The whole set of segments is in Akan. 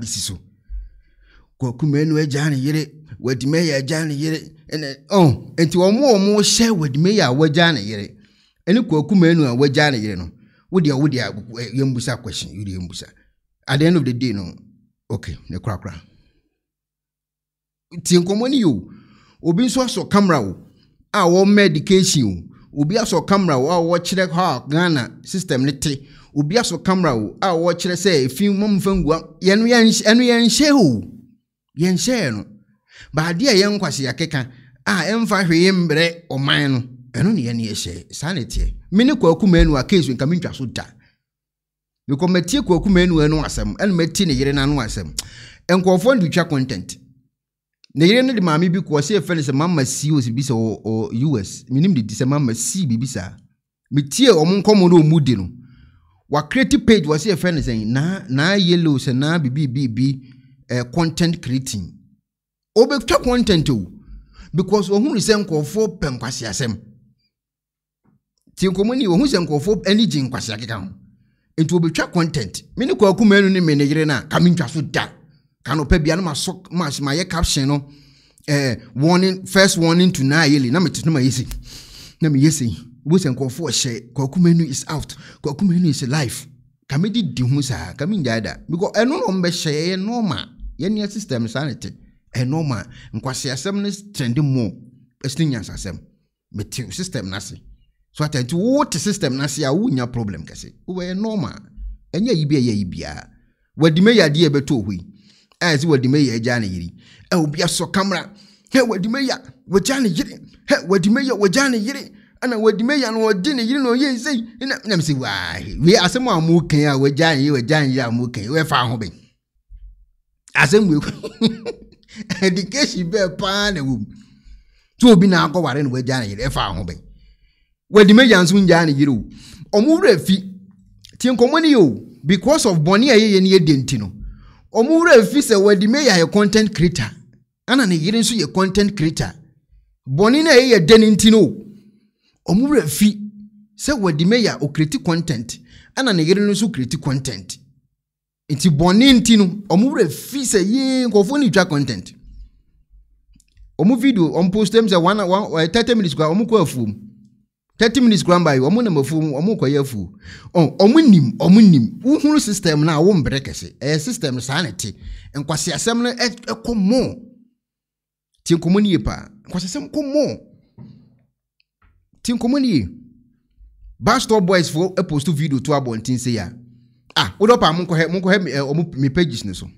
bɛsi so kɔkuma e oh, no agya ne yere wadima yɛ agya ne yere ɛnɛ ɔn nti wɔn a wɔn hyɛ wadima yɛ a wɔagya ne yere ɛne kɔkuma no a wɔagya ne yere no wodeɛ wodeɛ yɛn busa question wodeɛ yɛn at the end of the day no okay ne korakora tie nkɔmɔ ne yɛ o obi nso asɔ camera o a wɔn mɛ o obi asɔ camera wo a wɔkyerɛ hɔ a ghana system ne te obi asɔ camera wo a wɔkyerɛ sɛ efi mɔmfa ngua yɛn ɛno yɛnhyɛ o yɛnhyɛ no baade a yɛn nkwasi akeka a ɛnfa hwee mbrɛ ɔman no ɛno ne yɛn yɛhyɛ saa ne teɛ mene kwaku manu a case nka mentwa so da mekɔ kwaku manu no asɛm ɛna mati ne yere no asɛm nkurɔfoɔ no de content na yere no de maame bi kɔ ɔsɛ yɛfrɛ no sɛ mama si wɔ biribi sɛ ɔ us menim de di sɛ mama si biribi saa metie ɔmo nkɔmmɔ no ɔmu di no wakreti page wa sɛ yɛfrɛ no sɛ na na yellow sɛ naa biribi ɛɛ eh, content creating o ɔbɛtwa content o because ɔhunu sɛ nkɔɔfoɔ pɛ nkwasiasɛm ti nkɔmɔ ni ɔhunu sɛ nkɔɔfoɔ ani gye nkwasia keka ho nti ɔbɛtwa content mene kɔ akuma enu ne mene yere na a kame ntwa so da kanopɛ bia no masɔ mayɛ caption no ɛɛ eh, warning first warning to nine yɛlɛ na mɛtɛ na ma yɛ sɛ na mɛ yɛ sɛ wo sɛ nkɔfoɔ hyɛ menu is out kwaku menu is life kame di di ho saa kame ngyae da because ɛno na ɔmbɛhyɛ yɛyɛ normal yɛneɛ system saa ne te ɛnormal e nkwaseasɛm no trɛnde mo ɛsene e nyansasɛm mete system no ase so ata nti wowote system no ase a wonya problem kɛse wobɛyɛ normal ɛnyɛ yi bi ɛyɛ yi biara wadimɛ yɛ e adeɛ ɛbɛtɔ hɔ a yɛsɛ wɔde mɛyɛ agya ne yere obi asɔ kamera hɛ wɔde mɛyɛ wɔgya ne yere hɛ wɔde mɛyɛ wɔgya ne yere ɛna wɔde mɛyɛ no wɔde ne yere na ɔyɛ nsɛn ɛna ɛna sɛ waahe wei asɛm a mo kan a wɔgya ne yere wɔgya ne yere a mo kan wɔɛfa ho bɛn asɛm wei education bɛɛ paa na wɔm tí obi na akɔware na wɔgya ne yere ɛfa ho bɛn wɔde mɛyɛ nso ngya ne yere o ɔmo wura fi tie nkɔmɔ ne yɛ o because of bɔnne a yɛyɛ ne yɛ de no wɔn wura efi sɛ wɔde me yɛ content creator ɛna ne yere nso yɛ content creator bɔnne no a ɛyɛ dɛ ne nti no wɔn wura efi sɛ wɔde me yɛ okreti content ɛna ne yere no nso kreti content nti bɔnne nti no wɔn wura efi sɛ yee nkɔfoɔ ne twa content wɔn video wɔn post them sɛ one one eh, thirty minutes kora wɔn kɔ afuom thirty minutes kura mba yi wɔn nam afuo mu wɔn kɔyɛ afuo wɔn nim wɔn nim wohuru system na awo mbrɛ kɛse ɛyɛ system saa na te nkwasi asɛm no ɛkɔ mɔɔ tie nkɔmɔ nie paa nkwasi asɛm kɔ mɔɔ tie nkɔmɔ nie baastɔ boys fo ɛposto video to abɔnten se ya a wodɔ paa mo nkɔhɛ mo nkɔhɛ ɛ wɔn mi pages ne so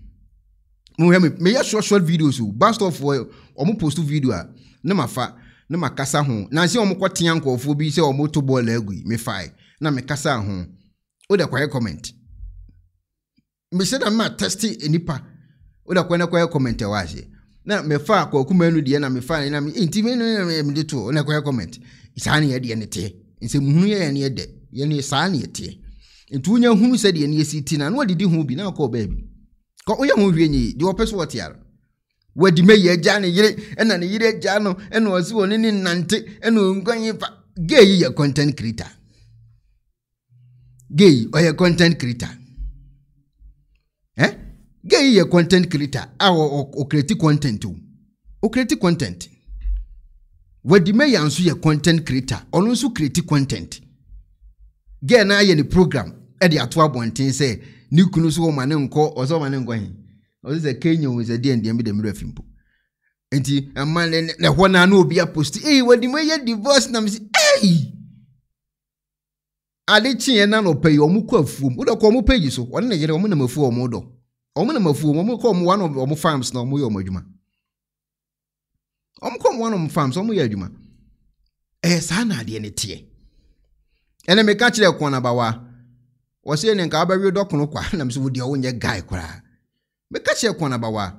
mo hɛ mi meyɛ short short videos o baastɔ fo wɔn posto video a ne ma fa na kasa ho nansi a wɔkɔtea nkurɔfoɔ bi sɛ wɔto bɔɔl agu yi mefae na mekasa ho woda kwaeɛ comment mehyɛ da ma tɛste nipa woda kwaeɛ na kwaeɛ comment ɛwɔ aseɛ na mefa akɔkuma no deɛ na mefa na nti me na mede to na kwaeɛ comment saa ne yɛdeɛ ne teɛ nsɛ muhunu yɛ yɛne yɛdɛ yɛne saa ne yɛteɛ nti wonya hunu sɛdeɛ ne yɛsi ti na na wadidi ho bi na akɔ baabi kɔ woyɛ ho hwie nyɛ yi deɛ wɔpɛ so wɔte ara Wadime ma yi agya ne yere ɛna ne yere agya no ɛna ɔsi wɔ ne ne nante ɛna onguanyi fa gay yɛ content creator gay ɔyɛ content creator ɛ eh? gay yi yɛ content creator a ɔ ɔkreti content o ɔkreti content Wadime ma yi nso yɛ content creator ɔno nso kreti content gay na ayɛ ne program ɛde e ato abɔnten sɛ ne kunu so wɔn ma ne nkɔ ɔsɛ wɔn ma ne nkɔ hɛn ɔsi sɛ kenya o sɛ deɛ ndeɛ bi dɛm rɛ fi mpo nti ɛma ne ne hɔ naa na obi aposti ee wɔde mo yɛ divorce na mi si ee ade kyeɛ na na ɔpɛ yi ɔmo kɔ afuom wodɔ kɔ ɔmo page so ɔne ne yere ɔmo nam afuo ɔmo dɔ ɔmo nam afuom ɔmo kɔ ɔmo one ɔmo farms na ɔmo yɛ ɔmo adwuma ɔmo kɔ ɔmo one ɔmo farms ɔmo yɛ adwuma ɛyɛ saa na adeɛ ne teɛ ɛnna mi ka kyerɛ kɔn na bawa wɔsi yɛ ne nka abɛwi dɔkono kwa na mi si wo deɛ nyɛ guy koraa. mɛka kacha ba wa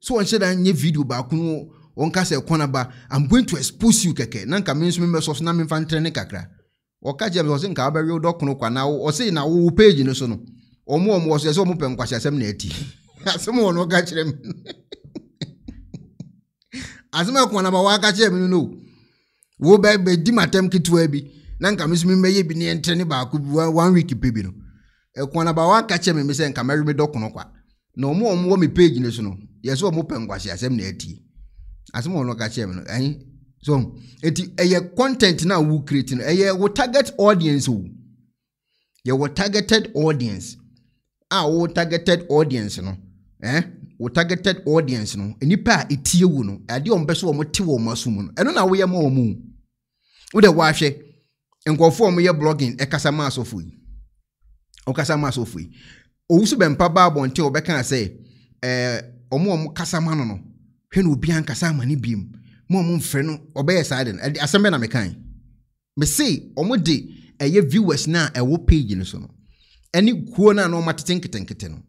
so wɔnhyɛ da nyɛ video baako no wɔnka sɛ kwana ba going to expose you kɛkɛ na nka me nso so na memfa ntrɛ ne kakra ɔka kyerɛ me nka wobɛwe kwa na ɔse na wo page no no ɔmo ɔmo ɔsɛ sɛ ɔmo pɛ asɛm na ati asɛm wɔ no ɔka kyerɛ me asɛm na nka no na ɔmo a ɔmo wɔ mi page ne so no yɛsɛ ɔmo pɛ nkwasi asɛm na ɛti asɛm a ɔno ka kyerɛ mi no ɛyin so eti ɛyɛ content na wo create no ɛyɛ wo target audience o yɛ wɔ targeted audience a wo targeted audience no ɛn eh? wo targeted audience no nipa a etie wo no adeɛ ɔmo bɛ so ɔmo te wɔn aso mu no ɛno na woyɛ ma ɔmo o de wahwɛ nkɔfoɔ ɔmo yɛ blogging ɛkasa ma asɔfo yi ɔkasa ma asɔfo yi ɔwu so bɛmpa ba abɔnten wɔbɛkaa sɛ ɛɛ ɔmo ɔmo ma no no hwɛ na obi ankasa ama ne biem mo ɔmo mfrɛ no ɔbɛyɛ saa de no ɛde asɛm bɛ na mekan mese ɔmo de ɛyɛ viewers na ɛwɔ page no so no ɛne kuo na na ɔmo nketenkete no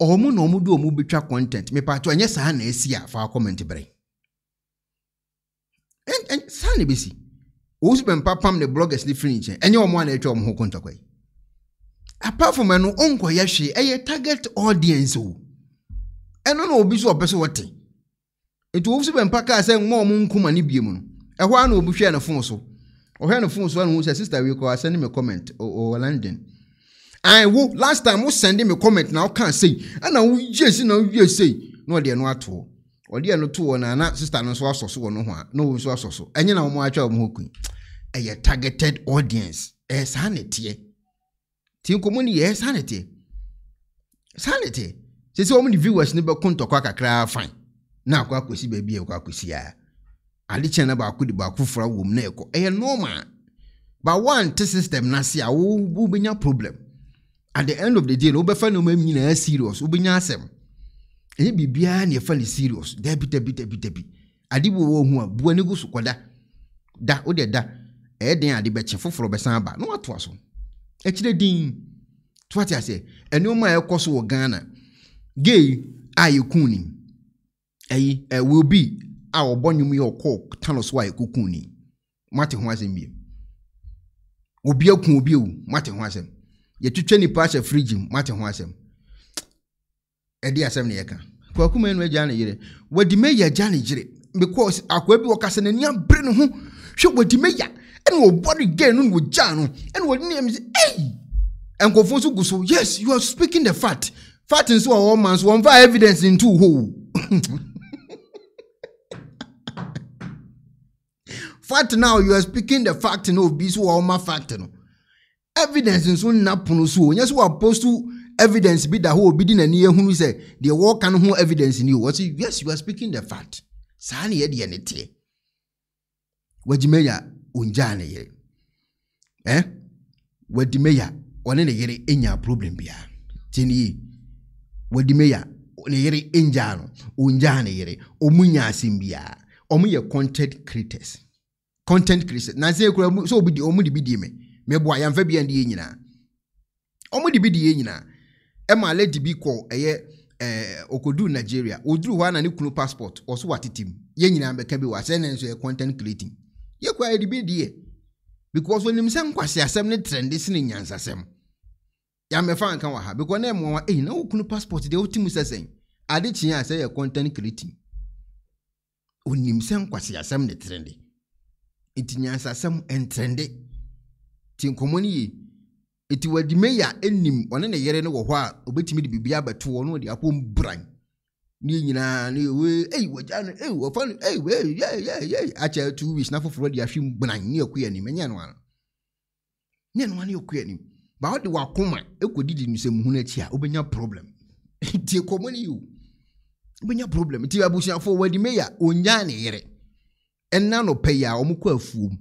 ɔmo na ɔmo de ɔmo betwa content mepatɔ ɛnyɛ saa na esi a fa comment brɛ ɛn ɛn saa na ebesi ɔwɔ so pam ne bloggers ne firi nkyɛn ɛnyɛ ɔmo a na ɛtwa ɔmo ho kontɔkɔ yi apart from ɛno ɔnkɔyɛ hwee ɛyɛ target audience o ɛno na obi so ɔpɛ so wɔte etu owu so bɛ mpa kaa sɛ mma ɔmo nkuma ne bie mu no ɛhɔ ara na obi hwɛ ne fon so ɔhwɛ ne fon so ɛna ohun sɛ sista wei kɔ asɛn ne mi comment ɔwɔ london ɛn last time wo sɛn mi comment na ɔka sei ɛna wo yie si na wo yie sei na ɔde ɛno ato ɔde ɛno to wɔ na na sista no nso asɔ so wɔ no ho a na owu nso asɔ so ɛnyɛ na wɔn atwa wɔn ho kun ɛyɛ targeted audience ɛyɛ eh, saa na ɛteɛ ti nkɔmɔ no yɛ saa ne teɛ saa ne teɛ sɛ sɛ wɔn ne viewers no bɛko ntɔkwa kakra fine na akɔ akɔsi baabi a ɛkɔ akɔsi a ade kyɛn na baako de baako foforɔ wɔ mu na ɛkɔ ɛyɛ normal ba wante system n'ase a wobɛnya problem at the end of the day no wobɛfa nneɛma mu nyinaa serious wobɛnya asɛm ɛyɛ biribiara na yɛfa no serious dabi dabi dabi dabi ade wo wɔ ho a bua ne gu so kɔda da wode da ɛyɛ den ade bɛkye foforɔ bɛsan aba na watoa so akyire din to ate aseɛ nneɛma a ɛkɔ so wɔ ghana gay a yɛkuu ni ɛyi ɛwɔ obi a ɔbɔ nnwom yɛ ɔkɔ tano so a yɛkɔkuu ni mate ho asɛm bie obi aku obi o mate ho asɛm yɛtwitwa nipa ahyɛ firiji mate ho asɛm ɛde asɛm na yɛka kwaku mɛnu agya ne yere wadi mɛyɛ agya ne yere because akwa bi wɔkasa n'ani abere ne ho hwɛ wadi mɛyɛ ɛna wɔbɔre gay no na wɔgyaa no ɛna wɔde ne yam sɛ ei nkɔfo nso gu so yes you are speaking the fact fact nso wɔ wɔn ma nso wɔn fa evidence ntu hoo fact now you are speaking the fact na obi nso wɔ wɔn ma fact no evidence nso nna pono so o nyɛ sɛ wɔ apostu evidence bi da hɔ obi di n'ani ehunu sɛ deɛ wɔɔka no ho evidence ni o wɔsi yes you are speaking the fact saa na yɛ deɛ ne teɛ wagyimanya ongyaa eh? ne yere eh? wadimeya ɔne ne yere nya problem biara tiɛni yi wadimeya ne yere ngyaa no ongyaa ne yere ɔmu nya asɛm biara ɔmu yɛ content creators content creators nansi ekura sɛ obi di ɔmu de bi di mi me, yanfɛ bi yɛn de yɛ nyinaa ɔmu de bi di yɛ nyinaa ɛma alɛ de bi kɔ ɛyɛ. okodu nigeria oduru hɔ a na ne kunu passport ɔso wa tete mu yɛn nyinaa bɛka bi wa sɛ ne nso yɛ content creating yɛ kɔ adibe deɛ because onim sɛ nkwasi asɛm ne trend si ne nyansasɛm yàmɛfa nka wɔ ha because ne mu wa eyi na okunu passport deɛ oti mu sɛsɛn ade kyea sɛ yɛ content creating onim sɛ nkwasi asɛm ne trend nti nyansasɛm ntrend ti nkɔmɔ ne yie nti wadimeya enim ɔne ne yere no wɔ hɔ a obetumi de biribi abɛto wɔn na wɔde apɔ mbran ne nyinaa ne ewe eyi wɔgya no eyi wɔfa no eyi wɔ eyi yɛ yɛ yɛ akyɛ two weeks na foforɔ de ahwim gbanan ne ɛkɔ anim ɛnyɛ no ano ne ɛno ano ɛkɔ anim baa ɔde wakoma ɛkɔ e didi nsɛm ho n'akyi a ɔbɛnya problem nti ɛkɔmɔ ne yi o ɔbɛnya problem nti abusuafoɔ wɔde meya onyaa ne yere ɛnna no pɛ yi a wɔn kɔ afuom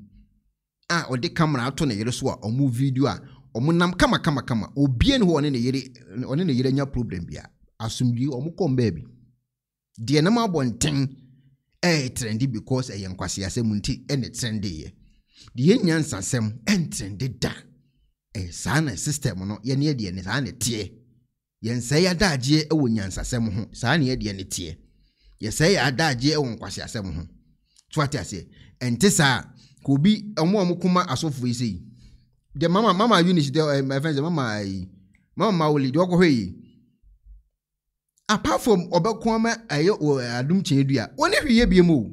a ɔde kamara ato ne yere so a wɔn video a wɔn nam kamakamakama obie ne hɔ ɔne ne yere ɔne ne yere nya problem bia asomdue wɔn kɔ mbaa bi deɛ nam abɔnten ɛyɛ trendy because ɛyɛ nkwaseasɛm nti ɛne trendy yɛ deɛ yɛnya nsasɛm ɛntrendy da ɛyɛ saa na system no yɛne yɛdeɛ ne saa ne teɛ yɛnsɛe adagyeɛ ɛwɔ nyansasɛm ho saa ne yɛdeɛ ne teɛ yɛsɛe yɛ adagyeɛ ɛwɔ nkwaseasɛm ho so ate aseɛ ɛnte saa ka obi ɔmo ɔmo kuma asɔfo yi sɛ yi deɛ mama mama unit deɛ ɛfɛn sɛ mama yi mama mawoli deɛ ɔkɔ hɔ yi. apart from ɔbɛko ama ɛyɛ wɔ dua wɔn ehwi biem o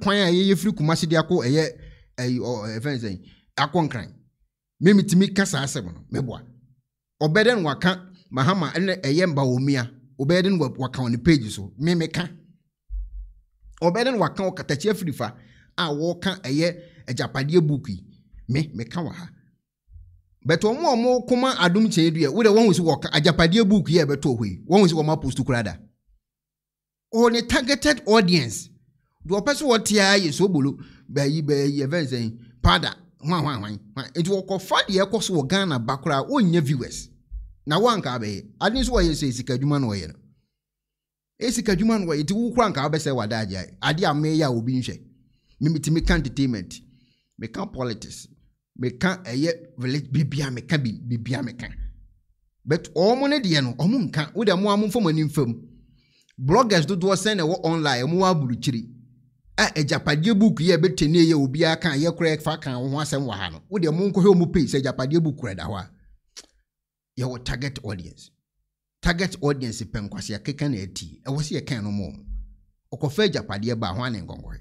kwan a yɛyɛ firi kumasi de akɔ ɛyɛ ɛyi ọ ɛfɛn sɛn akɔnkran mímu ka saa asɛm no mahama mba so mímu ka ɔbɛde no waka ɔkatakyia firi fa a wɔɔka ɛyɛ agyapadeɛ book yi ha. bɛtɛ wɔn a wɔn kuma adum kyɛn deɛ wɔde wɔn wusi wɔ agyapadeɛ book yi a ɛbɛtɔ hɔ yi wɔn wusi wɔn apostu kura da targeted audience deɛ ɔpɛ so wɔte a so bolo bɛyi bɛyi ɛfɛn sɛn pada hwan hwan hwan hwan nti wɔkɔfa deɛ ɛkɔ so wɔ ghana viewers na wɔn bɛyɛ adi nso wɔyɛ sɛ esika adwuma no esika na wɔyɛ ti wukura bɛsɛ a a obi nhwɛ ka entertainment politics meka ɛyɛ village bibia meka bi bibia meka but ɔmo ne deɛ no ɔmo nka wo de mo a mo nfa mo ani nfa mu bloggers dodoɔ sɛn na ɛwɔ online ɛmo wɔ aburukyiri a agyapadeɛ book yi a ɛbɛte ne yɛ obiara kan yɛ kora fa kan ho asɛm wɔ ha no wo de mo nkɔhwɛ ɔmo page sɛ agyapadeɛ book kora da hɔ a yɛwɔ target audience target audience pɛ akeka na eti ɛwɔ sɛ yɛkan no mo ɔkɔfɛ agyapadeɛ ba ho ane nkɔnkɔɛ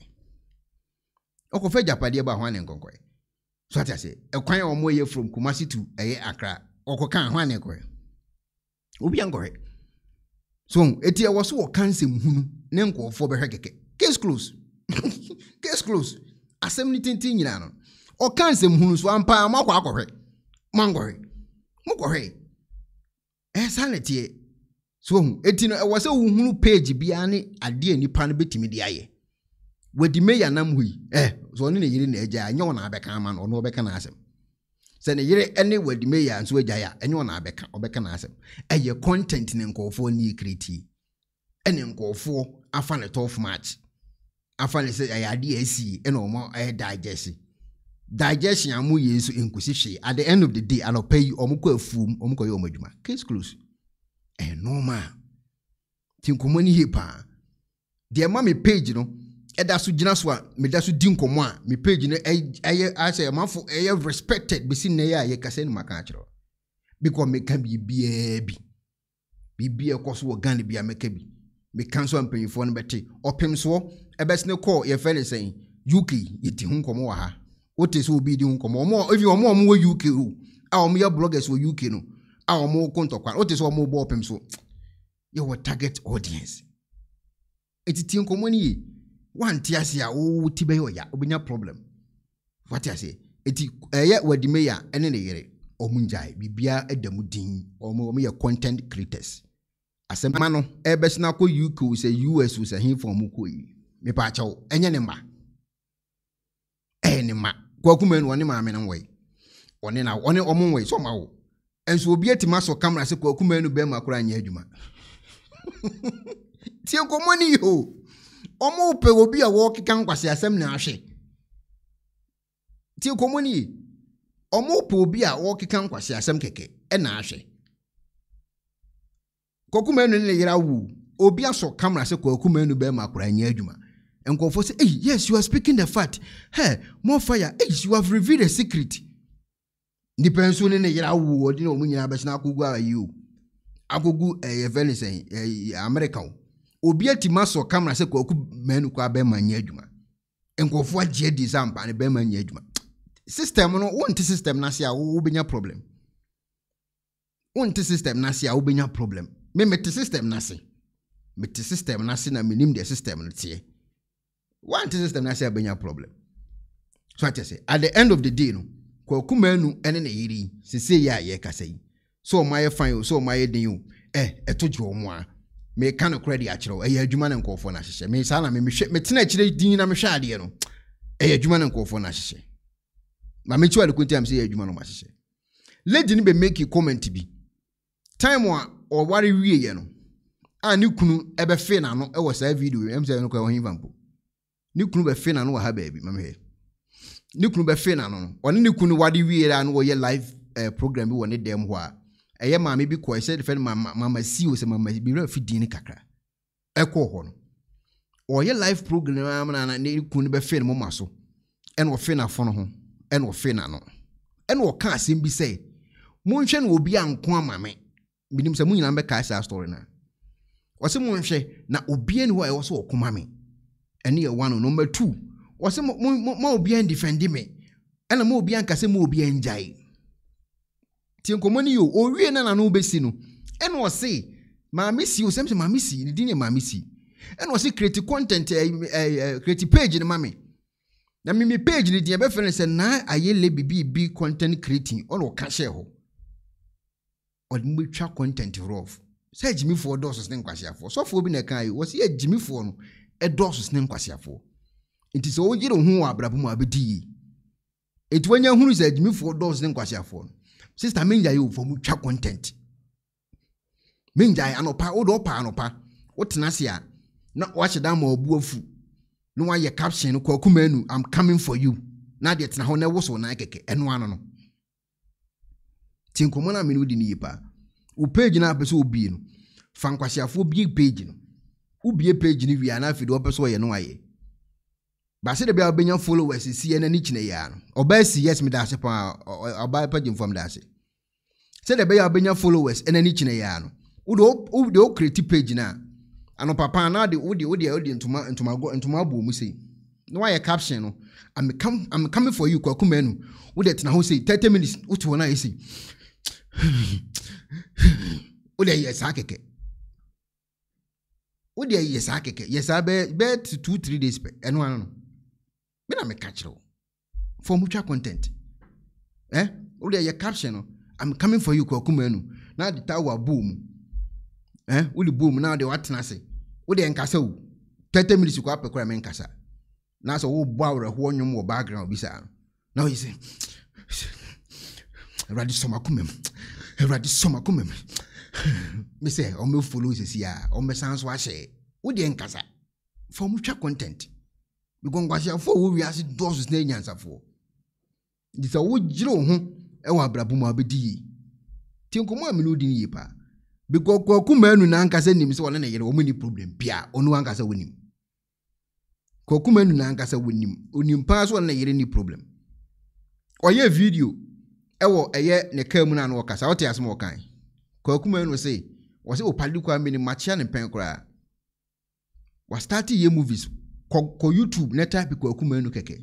ɔkɔfɛ agyapadeɛ ba ho ane nkɔnkɔɛ so ate ase ɛkwan a wɔn yɛ from kumasi to ɛyɛ akra ɔkɔka ho ana ɛkɔɛ obi a nkɔhɛ so eti ɛwɔ so wɔ kansa muhunu ne nkɔɔfoɔ bɛhwɛ kɛkɛ case close case close asɛm ne tenten nyinaa no ɔka nsɛm hunu so ampa mo akɔ akɔhwɛ mo ankɔhwɛ mo kɔhwɛ ɛyɛ saa so eti no ɛwɔ sɛ wohunu page biara ne adeɛ nipa no bɛtumi de ayɛ wɔdime yɛ anam yi ɛ eh, na ne yere na agya a ɛnyɛ wɔn ama no ɔno ɔbɛka n'asɛm sɛ ne yere nso agya a ɛnyɛ wɔn abɛka na-asem. ɛyɛ content ne nkɔɔfoɔ ne yɛ kiriti ɛne afa ne tough match afa ne esi ɛna omo ɛyɛ digest digestion amu at the end of the day yi ɛda so gyina so a meda so di nkɔmmɔ a me page no ɛyɛ asɛ amanfo ɛyɛ respected bɛsi nnɛ yɛ a yɛkasa no maka akyerɛ because meka biribiaa bi biribiaa ɛkɔ so wɔ ghane bia mɛka bi meka nso a mpanyimfoɔ no bɛte ɔpem soɔ ɛbɛsene kɔɔ yɛfɛ ne sɛn uk yɛdi ho nkɔmmɔ wɔ ha wote sɛ obi di ho nkɔmmɔ ɔmo a ebi ɔmo a ɔmo wɔ uk o a ɔmo yɛ bloggers wɔ uk no a ɔmo kɔ ntɔkwa wote sɛ ɔmo bɔ ɔpem so yɛwɔ target audience eti tie nkɔmmɔ no yie wante ase a wo ti bɛyɛ ɔya wobɛnya problem wate ase eti ɛyɛ wadime yɛ a ɛne ne yere ɔmo ngyae biribia ɛda mu din ɔmo ɔmo yɛ content creators asɛmpa no ɛbɛsena kɔ uk sɛ us sɛ henfa ɔmo kɔ yi mepaakyɛw ɛnyɛ ne ma? ɛyɛ ne mma kwakuma no ɔne maame no nwɔe ɔne na ɔne ɔmo nwɔe sɛ ɔma wo ɛnso obi atumi asɔ kamera sɛ kwakuma no bɛrima koraa nyɛ adwuma tie nkɔmmɔ ne yi o ɔma wopɛ e obi a wɔkeka nkwaseasɛm na ahwɛ tie kɔmmɔ no ye ɔma wopɛ obi a wɔkeka nkwaseasɛm kɛkɛ ɛna ahwɛ kɔkoma no ne yera wo obi asɔ camera sɛ kɔkoma no bɛrima akora nyɛ adwuma nkurɔfoɔ sɛ eyi, yes you are speaking the fact hey, more fire you have revealed a secret nipa nso ne ne yera wo ɔde ne ɔmo nyinaa o america o obi atima sɔ kamara sɛ kwaku mɛnu kɔ abɛɛma nyɛ adwuma nkurɔfoɔ agye di sɛ ampa ne nyɛ adwuma system no wonte system no a wobɛnya problem wonte system no ase a wobɛnya problem me mete system no ase mete system no ase na menim deɛ system no teɛ wante system no a bɛnya problem so akyɛ sɛ at the end of the day no kwaku mɛnu ne ne yere yi sesei a yɛrekasa yi sɛ ɔma yɛ fan o sɛ ɔma yɛ den o ɛ ɛto gye ɔmo a meka nokorɛ de akyerɛ ɛyɛ adwuma no nkɔɔfoɔ no ahyehyɛ me saa na metena akyirɛ din na mehwɛ adeɛ no ɛyɛ adwuma no nkɔɔfoɔ no ahyehyɛ ma mekyi wa dekonti am sɛ ɛyɛ adwuma no mahyehyɛ lady no bɛmeki comment bi time a ɔware wieɛ no a ne kunu ɛbɛfe n'ano ɛwɔ saa video ɛm sɛ ɛno kɔ ɛwɔ hemfa mpo ne kunu bɛfe n'ano wɔ ha baabi mamehɛ ne kunu bɛfe n'ano no ɔne ne kunu wade wieɛ a no wɔyɛ live eh, program bi wɔ ne dɛm hɔ a ɛyɛ maame bi kɔ ɛsɛ fɛn mama mama si o sɛ mama bi wura fi din kakra ɛkɔ hɔ no ɔyɛ live program na na ne kun bɛ fɛn mo ma so ɛna ɔfɛn n'afɔno ho ɛna ɔfɛn n'ano ɛna ɔka asɛm bi sɛ monhwɛ no obi anko ama me menim sɛ mo nyinaa bɛkae saa story na, ɔsɛ monhwɛ na obia ni hɔ a ɛwɔ sɛ ɔkoma me ɛne yɛ one number two ɔsɛ ma obiaa ndefɛnde me ɛna ma obiaa nka sɛ ma obiaa ngyae nti nkɔmɔ ni yio owie na nanu bɛsi no ɛna ɔsi maame si osɛm sɛ maame si ne din yɛ maame si ɛna ɔsi create content ɛɛ eh, ɛɛ eh, eh, create page ne ma na mimi page ne deɛ bɛfɛ ne sɛ naa ayɛ lɛ bibi bi content creating ɔna ɔka hyɛ hɔ ɔde mo twa content rɔf sɛ agyimifoɔ dɔɔso sene nkwasiafoɔ sɔfoɔ bi na ɛka yi wɔsi agyimifoɔ no ɛdɔɔso sene nkwasiafoɔ nti sɛ wɔgyere ho wɔ abrabɔ mu abɛdi yie etu wɔnyɛ hunu sɛ agyimifoɔ dɔɔso sene nkwasiafoɔ no sister mengyae o fam twa content mengyae anɔpa wode ɔpa anɔpa wotena ase a na wahyɛ da ma ɔbu afu na wayɛ caption no kwaku manu am coming for you na deɛ tena hɔ na ɛwoso nan kɛkɛ ɛno ano no nti nkɔmmɔ no a mene wodi no yie paa wo page no a pɛ sɛ wobie no fa nkwahyiafoɔ bie page no wobie page no wie a na afei deɛ wɔpɛ sɛ no wayɛ baasi de bi a followers si yɛ n'ani kyinɛ yɛ ano ɔbaa si yes mi daase paa ɔbaa pɛgye nfam se sɛdeɛ ɛbɛyɛ abɛnya followers ɛna ne kyinɛ yɛ ano wode wode wokireti page no a anɔpapa na de wode wode wode ntoma ntoma ntoma abɔ mu sei na wayɛ caption no i'm come i'm coming for you kwaku manu wode tena ho sei 30 minutes wote hɔ no ayɛ sei wode yɛ saa kɛkɛ wode yɛ saa kɛkɛ yɛ saa bɛɛ bɛɛ two three days pɛ ɛno ano no me na meka kyerɛ wo fɔ mutwa content ɛ wode yɛ caption no i'm coming for you kwaku manu na de tawa boom eh wuli boom na de watena ase wo de nkasa wo 30 minutes kwa pekora me nkasa na so wo bo awre ho nwom wo background bi sa na you say awurade sɔm akomam awurade sɔm akomam me sɛ ɔmɛfolo sɛsi a ɔmɛsan so ahyɛ wodeɛ nkasa fa motwa content because nkwaseafoɔ a wɔwiase dɔɔso sena anyansafoɔ nti sɛ wogyere wo ho ɛwɔ abrabɔ mu abedi, bɛdi yie ti nkɔmɔ a mene wodi no yie paa because kwaku maanu nankasa nim sɛ ɔne ne yere ɔmo ni problem bia ɔno ankasa wɔnim kwaku maanu nankasa wɔnim onim paa so ɔne ne yere ni problem ɔyɛ video ɛwɔ ɛyɛ ne kaa mu na ano ɔkasa ɔte asɛm ɔkan kwaku maanu se wɔsɛ ɔpade kwa mene makyia ne pɛn koraa wastarte yɛ movies kɔ kɔ youtube na type kwaku maanu kɛkɛ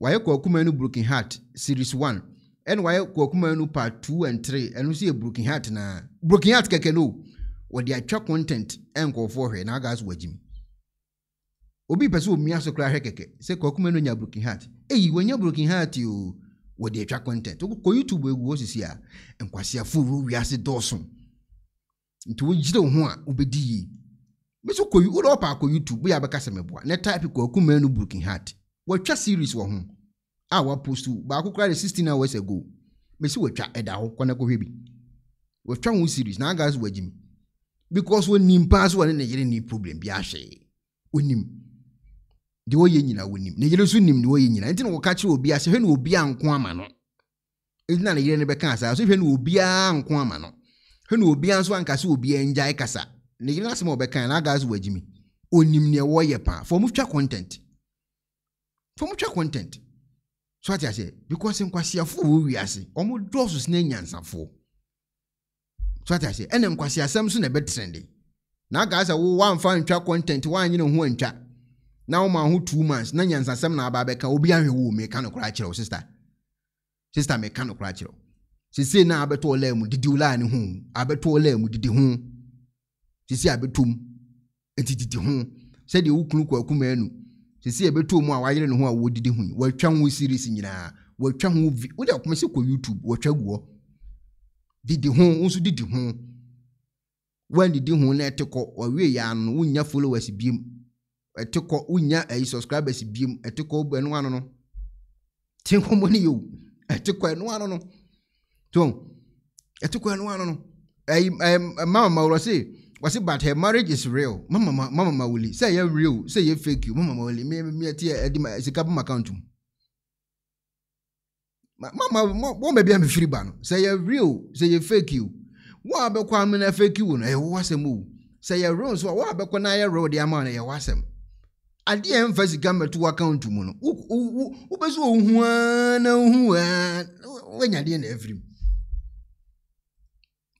wayɛ kɔɔkuma no broken heart series 1 ɛna wayɛ kɔɔkuma no part 2 and 3 ɛno nso yɛ broken heart naa broken heart kɛkɛ no wɔde atwa content hwɛ na aga so wagyim obi pɛ sɛ omia so koraa hwɛ kɛkɛ sɛ kɔɔkuma no nya broken heart eyi wɔnya broken heart o wɔde atwa content kɔ youtube egu hɔ sisi a nkwaseafo wo wiase dɔɔso nti wogyina wo ho a wobɛdi yie so kɔ wodɛ youtube woyɛ wɔatwa series wɔ ho a wapostu baako koraa de sixteen hours ago mesi wɔatwa ɛda hɔ kɔnɛ kɔhwɛ bi wɔatwa ho series na aga so wɔagye mi because wɔnim paa so wɔne ne yere ne problem bi ahwɛ wɔnim deɛ wɔyɛ nyinaa wɔnim ne yere nso nim deɛ wɔyɛ nyinaa nti na wɔka kyerɛ obi asɛ hwɛ ne obi a nko ama no nti na ne yere ne bɛka asa so hwɛ ne obi a nko ama no hwɛ ne obi a nso anka sɛ obi a ngyae kasa ne yere n'asɛm a wɔbɛka na aga so wɔagye mi onim wɔyɛ paa fɔm twa content fɔm twa content so ate aseɛ because nkwasiafoɔ wɔ wiase wɔn dɔɔso sene nyansafoɔ so ate aseɛ ɛna nkwasiasɛm so na ɛbɛ trende na aka sɛ wo wamfa ntwa content wanyene ho ntwa na woma ho two months na nyansasɛm na aba bɛka obi ahwɛ wo meka no koraa kyerɛ wo sister sister meka no koraa kyerɛ wo sese na abɛtɔ ɔlaa mu didi ɔlaa ne ho abɛtɔ ɔlaa mu didi ho sisi abɛtɔ mu eti didi ho sɛdeɛ wokunu kɔ akuma enu sisi yɛbɛtɔ mu a wayere ne ho a wɔdidi ho yi ho series nyinaa wɔatwa ho vi wode akoma sɛ kɔ youtube wɔtwa gu hɔ didi ho wo nso didi ho woandidi ho na ɛte kɔ wawie yɛ ano no wonnya followers biem ɛte kɔ wonya ayi subscribers biem ɛte kɔ ɛno ano no te nkɔmmɔ ne yɛo ɛte kɔ ɛno ano no to eh, ɛte eh, kɔ ɛno ano no ɛyi ɛma mawurɔ se wɔsi but her marriage is real mama ma mama ma wuli sɛ yɛ real Say yɛ fake you mama ma wuli me, me. ti yɛ ɛdi ma sika bom account mu mama wɔn bɛbi a mi firi ba no sɛ yɛ real sɛ yɛ fake you wɔn a bɛkɔ amu na fake you no ɛyɛ wɔ asɛm o sɛ yɛ real nso a wɔn a bɛkɔ na yɛ real de ama no ɛyɛ wɔ asɛm adeɛ mfa sika mɛto account mu no wo wo wo bɛ so ohun aa na ohun aa wɔnyɛ adeɛ na ɛfiri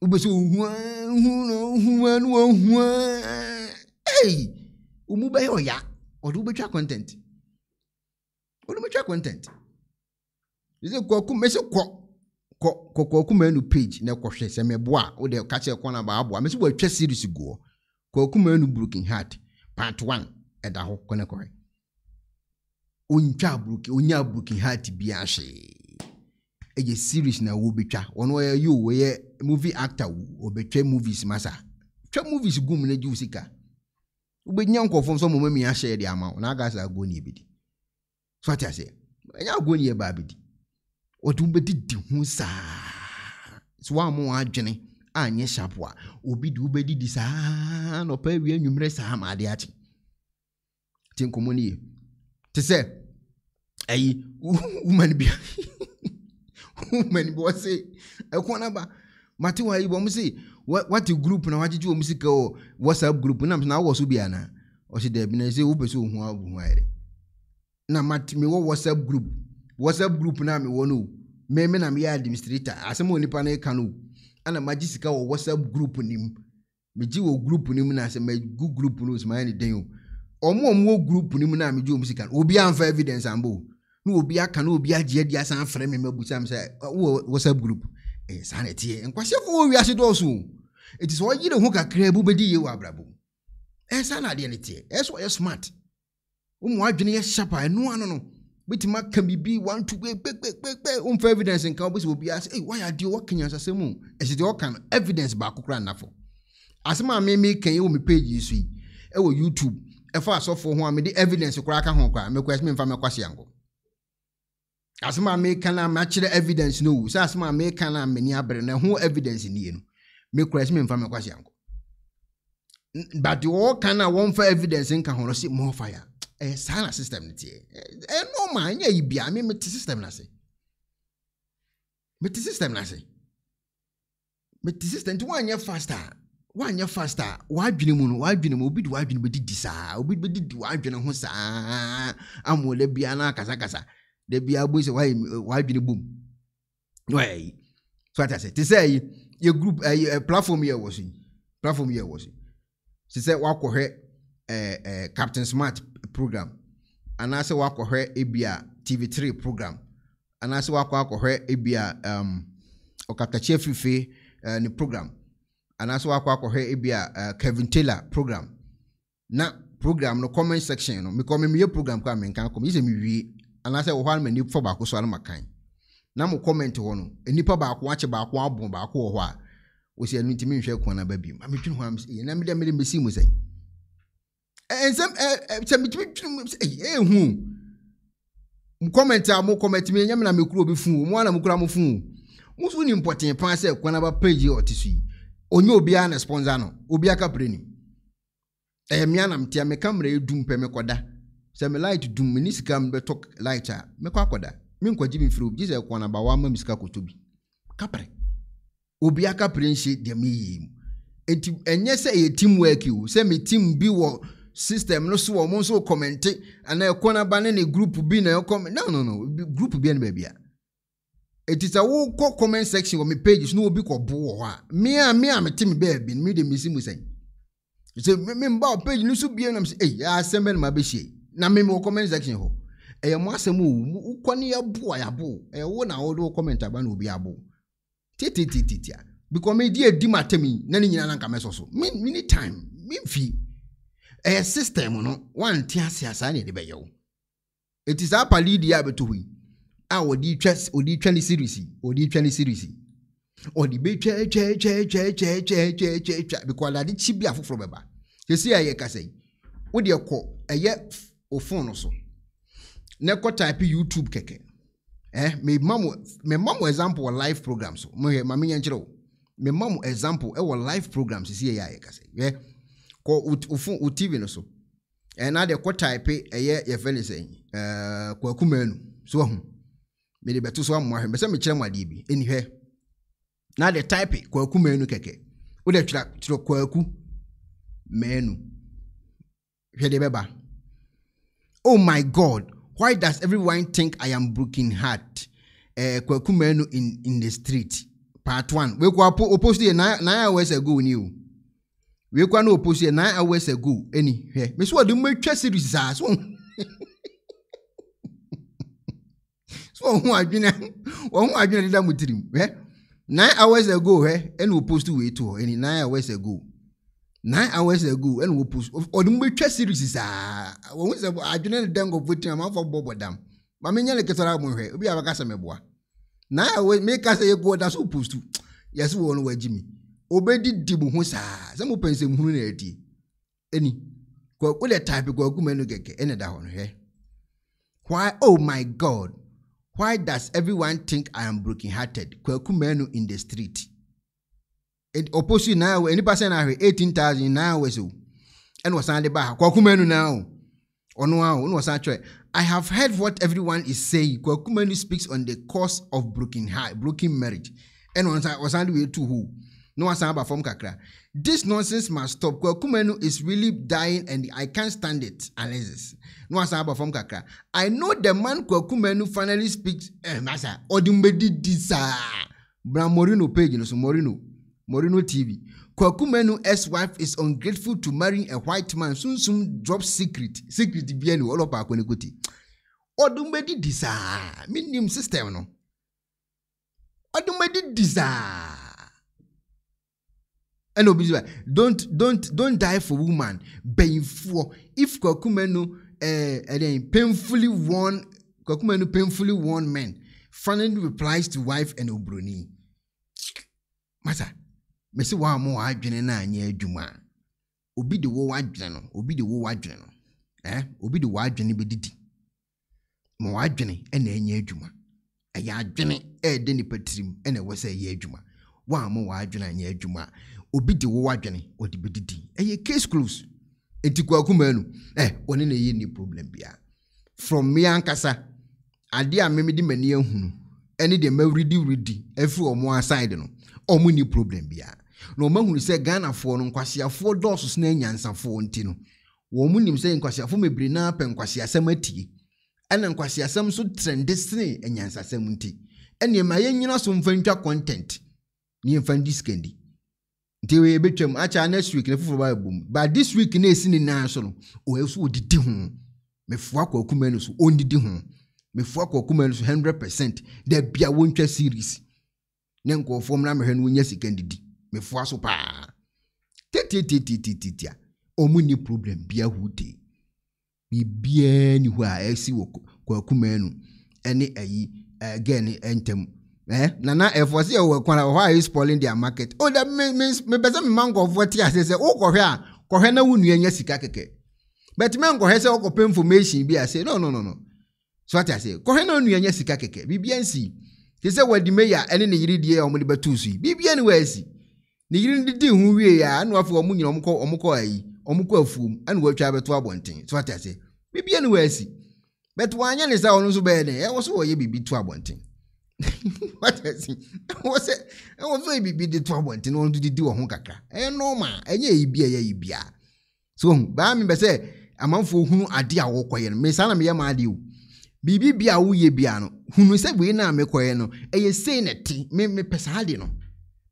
wobɛsɛ ohuahuna ne wahua ei wo mu bɛyɛ ɔya ɔde wobɛtwa content wode wobɛtwa content ɛsɛ kɔku mɛsɛ kɔ kɔ kɔkɔku mɛnu page na kɔhwɛ sɛ mɛboa a wode ka kyerɛ kɔn abaa aboa mɛsɛ wɔatwa series goɔ kɔku mɛnu broken heart part one ɛda e hɔ kɔne kɔhɛ ɔntwa broken ɔnya broken heart bi ahwee ɛyɛ e series na wɔbɛtwa ɔno ɔyɛ e yo ɔyɛ movie actor wo obetwa movies ma twa movies gum na gye sika wobɛnya nkɔfo nso mɔmɔ mi ahyɛ de ama wo na aga sɛ agoni ebedi so ate aseɛ ɛnyɛ agoni ɛba abedi wɔde wobɛdidi ho saa so wɔn a mo adwene a nyɛ sharp a obi de wobɛdidi saa na ɔpɛ awia nwummerɛ saa ma adeɛ akye te nkɔmɔ no yie te sɛ ɛyi woman bi woman bi wɔse ɛkɔn naba mate wɔn ayi wɔn si wate group na wagyegye wɔn sika wɔ whatsapp group nam na awɔ so bi ana ɔsi dɛbi na ɛsɛ wopɛ sɛ ohun ahu ho ayɛ na mate mi wɔ whatsapp group whatsapp group na mi wɔ no mɛmɛ na mi yɛ administrator asɛm wɔ nipa na ɛka no ɛna magye sika wɔ whatsapp group nim megye wɔ group nim na asɛ mɛgu group no sɛ mayɛ ne den o ɔmo a ɔmo wɔ group nim na megye wɔn sika no obi anfa evidence ambo na obi aka na obi agye adi asan afrɛ mi mɛbusa mi sɛ wɔ whatsapp group. Eh, saa na ɛteɛ nkwahyɛfoɔ wɔ wiase dɔɔso ɛti sɛ ɔyere ho kakra bu bɛdi yie wɔ abrabɔ ɛsaa eh, na adeɛ no teɛ ɛsɛ eh, ɔyɛ smart wo mu adwene yɛ hyapa ɛno ano no bɛtumi aka biribi wanto kpekpekpekpe womfa evidence nka wobɛsɛ ase. sɛ woayɛ adeɛ woakanyasasɛm o ɛhyɛ deɛ wɔka no evidence baako kora nnafo asɛm a memeka yi wɔ me page yi so yi ɛwɔ youtube ɛfa asɔfoɔ ho a mede evidence koraa ka ho koraa mekɔ ɛsɛ memfa mɛkɔ ahyeankɔ asɛm a meka no makyerɛ evidence no wu sɛ asɛm a meka no a m'ani abere na ho evidence nie no mekura sɛ memfa me kwasi ankɔ but wɔka no a wɔmfa evidence nka ho no sɛ mɔfaya ɛyɛ saa na system no teɛ ɛnoma ɛnyɛ yi bia me mete system no ase mete system no ase mete system nti woanyɛ fast a faster. fast a wadwene mu no wadwene mu obi de wadwene bɛdidi saa obi bɛdidi wadwene ho saa amola bia no akasakasa dabi abo sɛ wadwene bom na wayɛ yi so ata sɛ te sɛ yi yɛ group ɛyɛ platform yɛ wɔ so yi platform yɛ wɔ so te sɛ wakɔhwɛ ɛɛ ɛɛ captain smart program anaasɛ wakɔhwɛ ebia tv three program anaasɛ wakɔ akɔhwɛ ebia ɛɛm ɔkatakye fifi ɛɛ ne program anaasɛ wakɔ akɔhwɛ ebia ɛɛ kevin taylor program na program no comment section no mekɔ mɛ meyɛ program kɔ a mɛnka kɔ mɛ yi sɛ mi wie anaasɛ wɔ hɔ anoma nipa baako so anoma kan na mo kɔmɛnti hɔ no nipa baako akyɛ baako abo baako wɔ hɔ a wɔsi ɛnu ntumi nhwɛ kwan na ba bi mu a metwi ho ɛyɛ na mi dɛ mi dɛ mi si mu sɛn ɛnsɛm ɛ ɛ sɛ mi tumi twi mu sɛ ɛyɛ ehu mo kɔmɛnti a mo kɔmɛnti mi ɛnyɛ mi na mi kura obi fun o mo ana mo kura mo fun o mo so ni mpɔten pan sɛ kwan na peegi ɔte so yi onye obiara na sponsor no obiara ka ni ɛyɛ mmea na mtea meka mmerɛ edum pɛ mekɔda sɛ me light dum me ne sika me bɛtɔ light a mekɔ akɔda menkwagye me mfiri obi gye sɛ ɛkɔ nabawa ma me sika kɔtɔ bi kapere obi akapere nhyɛ deɛ meyie mu Eti ɛnyɛ sɛ ɛyɛ team work o sɛ me team bi wɔ system no so wɔ mo nso kɔmɛnte anaa ɛkɔ naba ne ne group bi na ɛkɔ no no no group bi ne baabi a eti sɛ wokɔ comment section wɔ me pages na obi kɔ bo wɔ hɔ a me a me a mete me baabi no me de mesi mu sɛn sɛ memba wɔ page no so bie nam sɛ ei asɛm bɛ no ma bɛhyie na mmemme wɔ comment section hɔ ɛyɛ mo asɛm o mu wokɔ ne yɛbo a yɛabo ɛyɛ wo na wode wo comment agba na obi abo tetetetetea because medi adi e matam yi na ne nyinaa na nka mɛsɔ so mini time memfi ɛyɛ system no wante ase a saa ne yɛde bɛyɛ wo ɛti saa di a bɛtɔ hɔ yi a wɔde twa wɔde twa ne series wɔde twa ne series ɔde bɛtwa twa twa twa twa twa twa twa twa because ade kyi bi afoforɔ bɛba kyesi a yɛ kasa yi wode ɛkɔ ɛyɛ o phone no so eh, na kɔ type youtube kɛkɛ eh mema mo mema mo example wɔ live program so mo hm. hwɛ me nyɛ nkyerɛ o mema example ɛwɔ live program sisi yɛ yɛ ayɛ kasa yɛ kɔ o phone o tv no so ɛna de kɔ type ɛyɛ yɛfɛ ne sɛ ɛɛ kwaku mɛnu so ɛho mede bɛto so amoa hwɛ mbɛsɛ mekyerɛ mo adeɛ bi ɛni hwɛ na de type kwaku mɛnu kɛkɛ o de twerɛ twerɛ kwaku mɛnu hwɛ de bɛba. Oh my God, why does everyone think I am broken heart? Uh, eh, Kwakumenu in, in the street. Part one. We kwa po opposed here nine, nine hours ago new. We kwa no opposed here nine hours ago. Any here. Miss what do make chess series as one. So wɔn ho adwene wɔn ho adwene deda mu tirim. Nine hours ago, eh, and we post to wait to any nine hours ago nine hours ago ɛna wɔ post ɔde mu bɛtwa series saa wɔn sɛ adwene ne dan nkɔfo tiɲɛ amanfo bɔ bɔ dam maame nyɛ ne ketewa mo hwɛ obi a bɛka sɛ mɛboa nine hours meka sɛ yɛ kɔ da so post yɛsɛ wɔn no wɔagyi mi Obedi di mo ho saa sɛ mo pɛnsɛ mu hunu na adi ɛni kɔkɔ de taapi kɔkɔ mu ɛnu kɛkɛ ɛna da hɔ no hwɛ why oh my god why does everyone think i am broken hearted kɔkɔ mu ɛnu in the street opposite nine hours nipa sɛ n'ahwɛ eighteen thousand nine hours o ɛna ɔsan de ba ha kwakumanu na o ɔno o ɛna ɔsan kyerɛ I have heard what everyone is saying kwakumanu speaks on the cause of broken heart broken marriage ɛna ɔsan ɔsan de wei tu hoo na wasan aba fam kakra this nonsense must stop kwakumanu is really dying and I can't stand it analysis na wasan aba fam kakra I know the man kwakumanu finally speaks ɛn eh, masa ɔdi mbɛdi di saa bra morino page no so morino. Morino TV. Kwakumenu ex-wife is ungrateful to marrying a white man. Soon soon drop secret. Secret bienu all up akwenekuti. Odumbedi disa. Minim system no. Odumbedi disa. And obisiba. Don't don't don't die for woman. Painful. If Kwakumenu eh, uh, then painfully won. Kwakumenu painfully won men. Finally replies to wife and Obroni. Matter mesi wa mo adwene na anya adwuma a obi de wo wadwene no obi de wo wadwene no eh obi de wadwene bedidi ma wadwene na anya adwuma ɛyɛ adwene ɛɛde nipa tirim ene ɛwɔ sɛ ɛyɛ adwuma wa mo wadwene anya adwuma a obi de wo wadwene ɔde bedidi ɛyɛ case close eti kwakuma no ɛ eh, ɔne na ɛyɛ ni problem bia from me ankasa adeɛ a mmemme de m'ani ahunu ɛne deɛ mɛwuridi wuridi ɛfiri wɔn aside no wɔn ni problem biara na ɔmahunu sɛ ghanafoɔ no nkwaseafoɔ dɔɔso sena anyansafoɔ nti no wɔn mu nim sɛ nkwaseafoɔ bebree naa pɛ nkwaseasɛm atie ɛna nkwaseasɛm nso trɛnde sene anyansasɛm nti ɛnneɛma yɛnyina so mfa ntwa content ne yɛmfa ndi sikandi nti wei ebetwam akyɛ next week na foforɔ ba ebom but this week na esi ne nan so no ɔyɛ so ɔdidi ho mefua kɔ akuma no so ɔndidi ho mefua kɔ akuma no so hundred percent dɛbi a wɔntwa series ne nkɔɔfoɔ mu na mehwɛ no wɔnya sika Me mefoa so paa tetetetetetetea ɔmo ni problem bia ho de biribiara ni hɔ a ɛsi wɔ kwakumaa no ɛne ayi ɛgɛn ne ɛntɛm ɛɛ nana ɛfɔ si ɛwɔ kwan a ɔhɔ a yɛ spoiling their market o da me me me mepɛsɛ mema nkɔfoɔ te ase sɛ wokɔhwɛ a kɔhwɛ na wo nua nya sika kɛkɛ bɛtɛ mɛ nkɔhwɛ sɛ ɔkɔpɛ information bi ase no no no no so ate ase kɔhwɛ na wo nua nya sika kɛkɛ biribiara nsi te sɛ wɔdi meya ɛne ne yiri die a wɔde bɛtu so yi biribiara ni wɔ asi ne yiri no didi ho wie a na afei ɔmo nyina ɔmo kɔ ɔmo kɔ ayi ɔmo kɔ afuom ɛna wɔatwa abɛto abɔnten so ate ase biribi ɛna wɔasi but wɔanyɛ ne saa ɔno nso bɛyɛ dɛ ɛwɔ so wɔyɛ biribi to abɔnten wate ase ɛwɔ sɛ ɛwɔ so yɛ biribi de to abɔnten na wɔn nso didi wɔn ho kakra ɛyɛ normal ɛnyɛ eyi bi ɛyɛ eyi bia so baa mi bɛ sɛ amanfoɔ hunu ade a wɔkɔyɛ no mesan na meyɛ maa de o biribi bia a woyɛ bia no hunu sɛ wei na mekɔyɛ no ɛyɛ sei na te me mepɛ no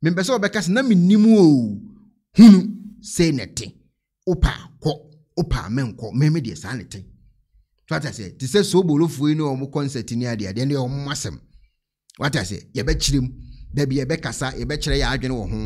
mempɛ sɛ wɔbɛka sɛ na mennim o hunu sɛ ne te wopa kɔ wopa menkɔ meme deɛ saa ne te wata sɛ te sɛ soobolofoɔ yi ne ɔmo concert ne adeɛ adeɛ ne ɔmo asɛm wata sɛ yɛbɛkyerɛ mu dabi yɛbɛkasa yɛbɛkyerɛ yɛ adwene wɔ ho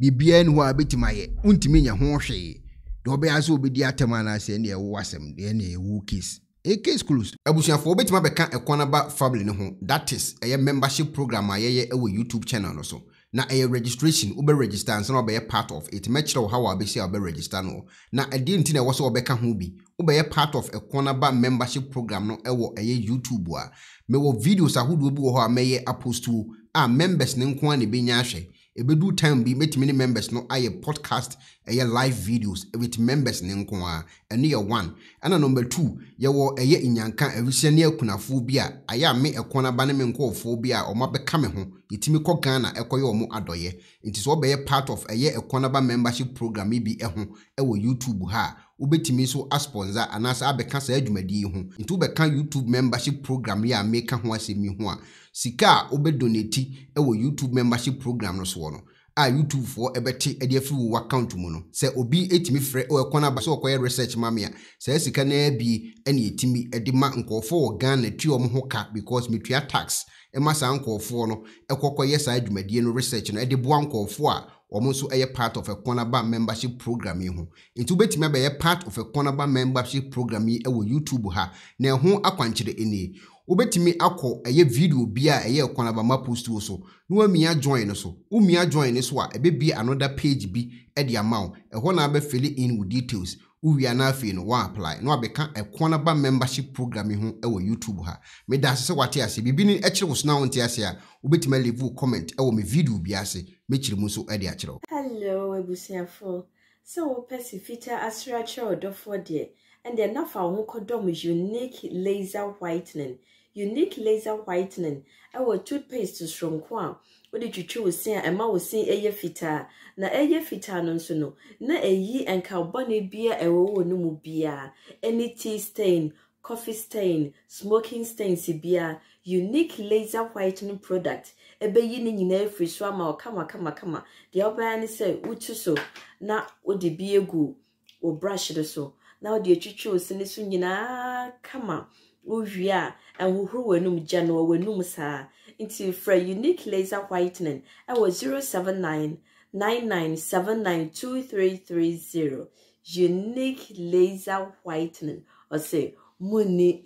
biribiara ne hɔ a bɛtumi ayɛ wontumi nyɛ ho hwee deɛ ɔbɛyɛ asɛ obɛdi atɛm anaasɛ ɛne ɛwo asɛm deɛ ne ɛwo case case closed. abusuafoɔ wobɛtumi abɛka ɛkwan aba family no ho that is ɛyɛ membership program a yɛyɛ ɛwɔ youtube channel no so na ɛyɛ registration wobɛ register ansa na wobɛyɛ part of it mɛkyerɛ ha how abɛsi a wobɛ register no na ɛdeɛ nti na ɛwɔ sɛ wobɛka ho bi wobɛyɛ part of ɛkɔnaba membership program no ɛwɔ ɛyɛ youtube a mewɔ videos ahodoɔ bi wɔ hɔ a mɛyɛ apostuo a members ne nko a na ɛbɛnya ahwɛ ɛbɛduru time bi mɛtumi ne members no ayɛ podcast ɛyɛ live videos with members ne nko a ɛno yɛ one ɛna number two yɛwɔ ɛyɛ nyanka awusia ne akunafoɔ bi a ayɛ a me ɛkɔn aba ne me nkɔɔfoɔ bi a ɔmo abɛka me ho yɛtumi kɔ ghana ɛkɔyɛ ɔmo adɔyɛ nti sɛ ɔbɛyɛ part of ɛyɛ ɛkɔn aba membership program bi ɛho ɛwɔ youtube ha a wobɛtumi nso asponsor anaasɛ abɛka saa adwumadie yi ho nti wobɛka youtube membership program yi a meka ho asɛm yi ho a sika a wobɛdonati ɛwɔ youtube membership program no soɔ no a youtubefoɔ ɛbɛte ɛde afiri wo account mu no sɛ obi ɛtumi frɛ ɔɛkwan aba sɛ ɔkɔyɛ research ma me a saa sika no abie ɛne ɛtumi ɛde ma nkɔɔfoɔ wɔ ghana tua ɔm ho ka because metua tax ɛma saa nkɔɔfoɔ no ɛkɔkɔyɛ saa adwumadie no research no ɛde boa nkɔɔfoɔ a wɔn nso yɛ part of ɛkɔnaba membership program yi ho nti wobɛtumi abɛyɛ part of ɛkɔnaba membership program yi wɔ youtube ha na ɛho akwankyerɛ nie wobɛtumi akɔ ɛyɛ video bi a ɛyɛ ma post wo so na wamia join no so womia join no so a ɛbɛbie another page bi de ama wo ɛhɔ na abɛfili in with details wowie no afei no woapply na wabɛka ɛkwanaba membership program yi ho wɔ youtube ha meda ase sɛ wate ase biribi no ɛkyerɛ wo so na wonte ase a wobɛtumi alive wo comment wɔ me video bi ase mɛkyiri mu nso de akyerɛ wo hello abusuafoɔ sɛ wopɛ si fitaa asere akyerɛ ɔdɔfoɔ deɛ ɛndeɛ na fa wo ho kɔdɔm unique laser whitening unique laser whitening ɛwɔ toothpaste soronko a wode twitwi wo sen a ɛma wo sen ɛyɛ fitaa na ɛyɛ fitaa no nso no na ɛyi nkabɔne bia ɛwɔ wɔ no mu biara Any tea stain coffee stain smoking stains biara unique laser whitening product ɛbɛyi ne nyinaa afiri so ama kama kama. deɛ wobɛyɛ ne sɛ wotu so na wode bi egu wo brush no so na wode atwitwi wo sen so nyinaa kama wowie And ahohoro w'anum gya no w'anum saa nti frɛ unique laser whitening I was zero seven nine nine nine seven nine two three three zero. unique laser whitening I say money